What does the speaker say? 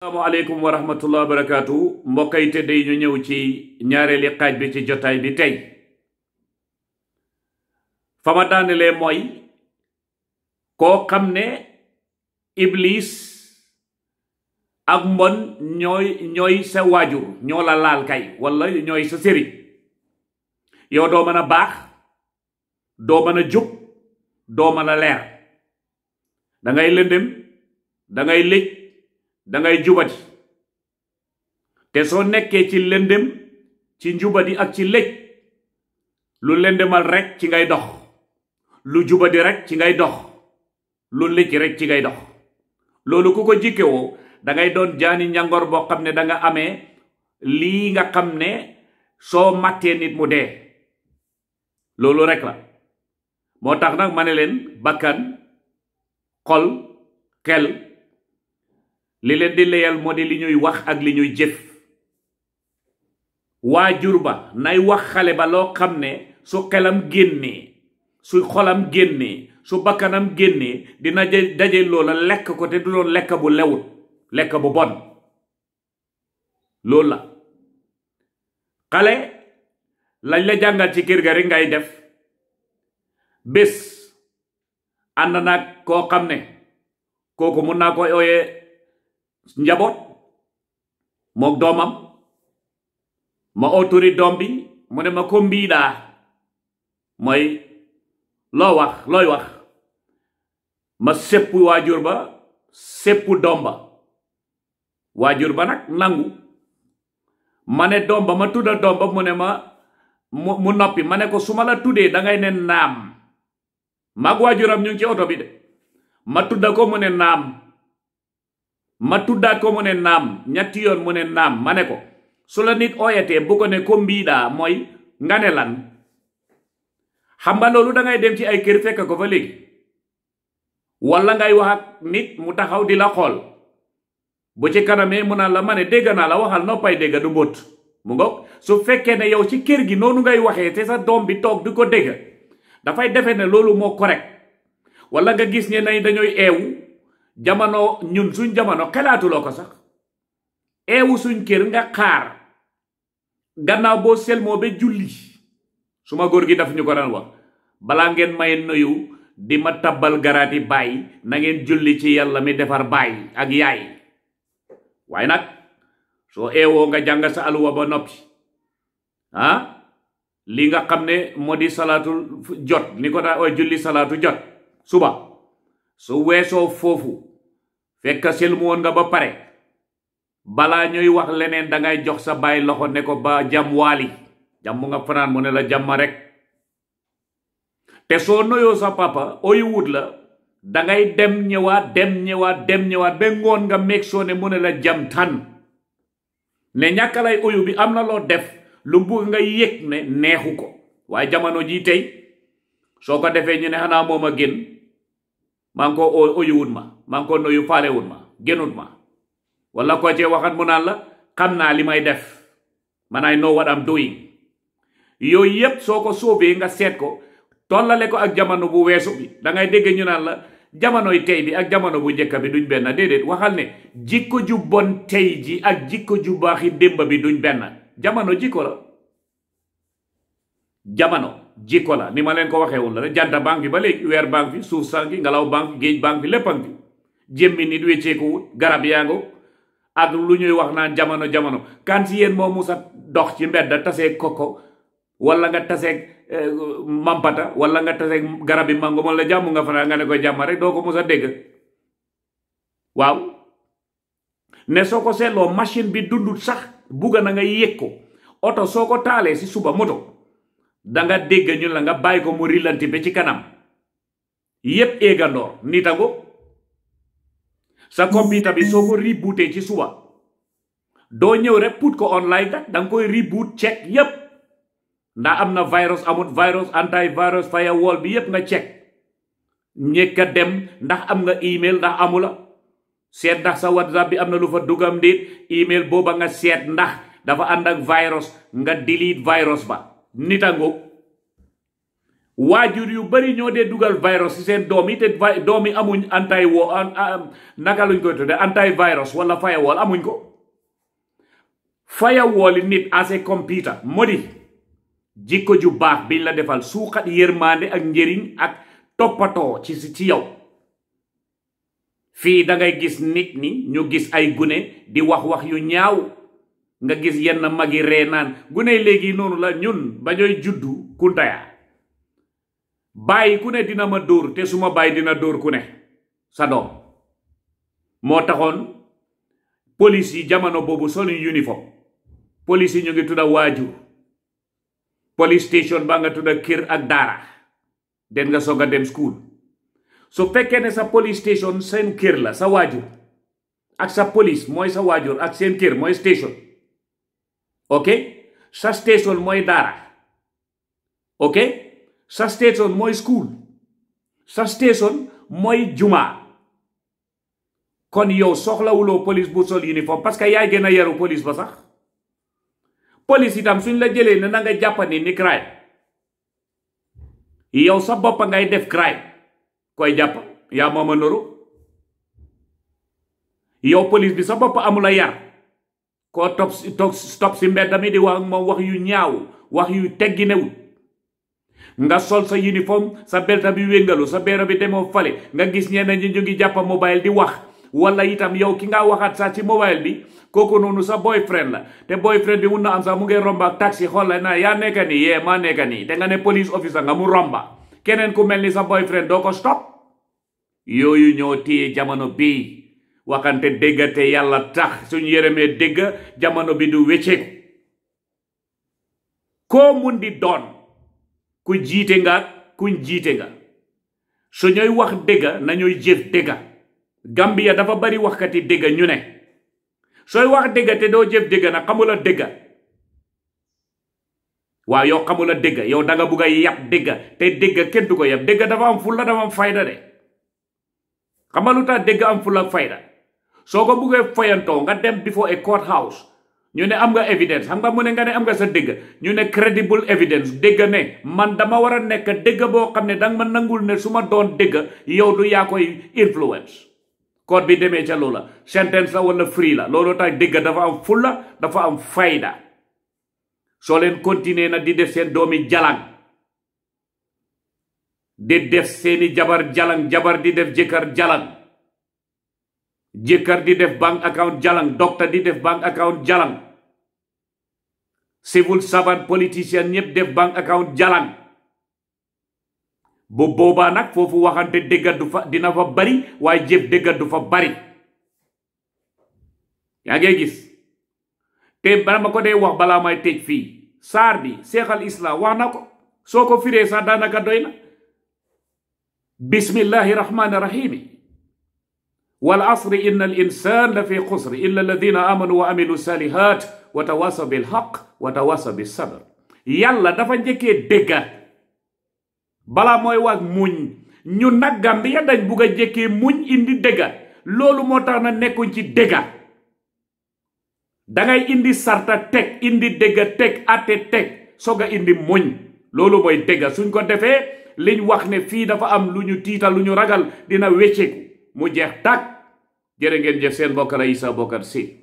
Assalamualaikum wa wabarakatuh. barakatu mbokk te day ñu ñew ci ñaareeli xaj bi ci jotay bi tay fama ma daanelee mooy koo iblis ak mon ñoy ñoy sa waajur ñola la laal kay wala ñoy sa seri yow do meuna bax do meuna juk do meuna leer da ngay lendem da ngay lecc dangay jubadi te soo nekkee ci lëndëm ci njubadi ak ci lëj lu lëndëmal rek ci ngay dox lu juba di rek ci ngay dox lu lëj rek ci ngay dox loolu ku ko jikkewoo dangay doon jaani njàngoor boo xam ne danga amee lii nga xam ne soo màttee nit mu dee loolu rek la moo tax nag ma ne leen bakkan xol xel li leen di leyal moo di li ñuy wax ak li ñuy jëf waajur ba nay wax xale ba loo xam ne su xelam génnee su xolam génnee su bakkanam génnee dina daje loola lekk ko te du doon lekk bu lewut lekk bu bon loolu la xale lañ la jàngal ci kër ga rek ngay def bés ànd naag koo xam ne kooku mun naa ko ooyee njabot mok domam ma oturi dombi bi mau ne ma ko mbiidaa lo loo wax loy wax ma seppu wajur ba seppu domba wajur ba nak nangu mané domba ma tudda domba ba ne ma mu nopi mané ko suma la tudé da ngay nam wajuram ñu ci auto bi de ma tudda ko mu ne ma tuddaat ko mu ne naam ñetti yoon mu ne naam ma ne ko su la nit ooyatee bu ko ne ko mbiidaa mooy nga ne lan xam nga loolu dangay dem ci ay kër fekk ko fa léegi walla ngay wax ak nit mu taxaw di la xool bu ci kanamee mu naan la ma ne dégg naa la waxal noppay dégg du mbóot mu ngoog su fekkee ne yow ci kër gi noonu ngay waxee te sa doom bi toog du ko dégg dafay defe ne loolu moo correct walla nga gis ne nay dañooy eewu jamono ñun suñ jamono xelaatuloo ko sax eewu suñ kër nga xaar gannaaw boo selmoo ba julli su ma góor gi daf ñu ko daan wax balaa ngeen may nuyu di ma tabbal garaati baay na ngeen julli ci yàlla mi defar bàyyi ak yaay waaye nag soo eewoo nga jàng sa aluwa ba noppi ah lii nga xam ne moo di salaatul jot ni ko daa julli salaatu jot suba su weesoo foofu fekk selmoon nga ba pare balaa ñuy wax leneen dangay jox sa baay loxo ne ko ba jam waali jàmm nga fanaan mu ne la jàmm rek te soo noyoo sa papa oyu wut la dangay dem ñëwaat dem ñëwaat dem ngoon nga meeg soo ne mu ne la jam tan ne ñàkka lay oyu bi am na loo def lu bugg nga yëg ne neexu ko waaye jamono jii tey soo ko defee ñu ne xanaa moom a génn maa ngi koo oyuwut ma maa ngi koo noyu faalewut ma génnut ma wala koo cee waxat mu naan la xam naa li may def man I know what I'm doing yooyu yépp soo ko sóobee nga seet ko tollale ko ak jamono bu weesu bi dangay dégg ñu naan la jamonoy tey bi ak jamono bu njëkk bi duñ benn déedéet waxal ne jikko ju bon tey ji ak jikko ju baaxi démb bi duñ benn jamono jikko la jamono jikko la ni ma leen ko waxe won la janta bank bi ba leg wer bank bi souf sangi ngalaw bank geej bank bi leppam bi jemi nit wete ko garab ak lu ñuy wax naan jamono jamono kan ci yeen mo musa dox ci mbedd tasee koko wala nga tasee eh, mampata wala nga tasee garabi mango moom la jamu nga fa nga ne ko jam rek doo ko musa deg waaw ne soko selo machine bi dundut sax buga na nga yekko auto soko talé ci si suba moto danga dégg ñu la nga bàyyi ko mu rilanti ba ci kanam yépp éegandoor nitago sa computer bi soo ko rebootee ci suba doo ñëw rek put ko online da danga koy reboot check yépp ndax am na virus amut virus antivirus firewall bi yépp nga check ñekka dem ndax am nga email ndax amula seet ndax sa whatsapp bi am na lu fa dugam ndéet email booba nga seet ndax dafa ànd ak virus nga delete virus ba nitango waajur yu bari ñoo dee dugal virus ci seen doom yi te doom yi amuñ anti wo naka luñ koy tudde anti virus wala firewall amuñ ko firewall yi nit as computer moo jikko ju baax biñ la defal suuxat yërmaande ak njëriñ ak toppatoo ci ci yow fii dangay gis nit ñi ñu gis ay gune di wax wax yu ñaaw nga gis yenn mag yi ree naan gune léegi noonu la ñun bañooy juddu kuntaya bàyyi ku ne dina ma dóor te su ma bàyyi dina dóor ku ne sa doom moo taxoon police yi jamono boobu soluñ uniforme police yi ñu ngi tudda waajur police station ba nga tudda kër ak daara den nga soog a dem school su fekkee ne sa police station seen kër la sa waajur ak sa polis mooy sa waajur ak seen kër mooy station ok sastéson mooy daara ok sa sastéson mooy school sastéson mooy jumaa kon yow soxlawuloo police bu sol uniforme parce que yaay gën a yaru police ba sax police itam suñ la jëlee ne na nga jàppandi ni crime yow sa bopp ngay def crime koy jàpp yaa mooma noru yow police bi sa bopp amula yar koo topp si topp si mi di wax moom wax yu ñaaw wax yu teggi newut nga sol sa uniforme sa belta bi wéngalu sa beera bi demoo fale nga gis ñenn ñi ñu ngi jàpp mobile di wax wala itam yow ki nga waxaat sax ci mobile bi kooku noonu sa boyfriend la te boyfriend bi mun na am sax mu ngi romba ak taxi xool la naa yaa nekka nii yee maa nekka nii te nga ne police officer nga mu romba keneen ku mel ni sa boyfriend doo ko stop yooyu ñoo téye jamono bii waxante dégg te yàlla tax suñu yërëmee dégg jamono bi du wécceeku koo mun di doon ku jiite nga kuñ jiite nga su ñooy wax dégg nañuy jëf dégg Gambia dafa bari waxkati dégg ñu ne sooy wax dégg te doo jëf dégg na xamula dégg waaw yow xamula dégg yow danga bugg a yàpp dégg te dégg kenn du ko yàpp dégg dafa am fulla dafa am fayda de xamalu tax dégg am fulla fayda soko bëggee foyanto nga dem before a court house ñu ne am nga evidence xam nga mu ne nga ne am nga sa dégg ñu ne credible evidence dégg ne man dama war a nekk dégg boo xam ne danga ma nangul ne suma doon dégg yow du yaa koy influence code bi demee ca loola sentence la wala free la loolu tax dégg dafa am fulla dafa am fayda soo leen continuer na di def seen doomi jalan di def seeni jabar jalan jabar di def jëkkër jalan jëkkër di def bank account jalan, dokter di def bank account jalan, civil servant politician ñëpp def bank account jalan, bu boba nak fofu waxante degga du fa dina fa bari way jeb degga du fa bari ya ngee gis te bama ko day wax bala may tej fi. Sar bi seexal islam wax nako soko firé sa danaka doyna. Bismillahirrahmanirrahim. wal asri inna al insan la fi xusr illa alladina amanu wa amilu salihat wa tawasa bil haq wa tawasa bis sabr yàlla dafa njëkkee dégga balaa mooy wax muñ ñu nag Gambia dañ bugg a njëkkee muñ indi dégga loolu moo tax na nekkuñ ci dégga dangay indi sarta teg indi dégga teg atte teg soog a indi muñ loolu mooy dégga suñ ko defee liñ wax ne fii dafa am lu ñu tiital lu ñu ragal dina wecceeku mu jeex tàkk jërë ngeen jëf seen mbokk la Issa Bocar si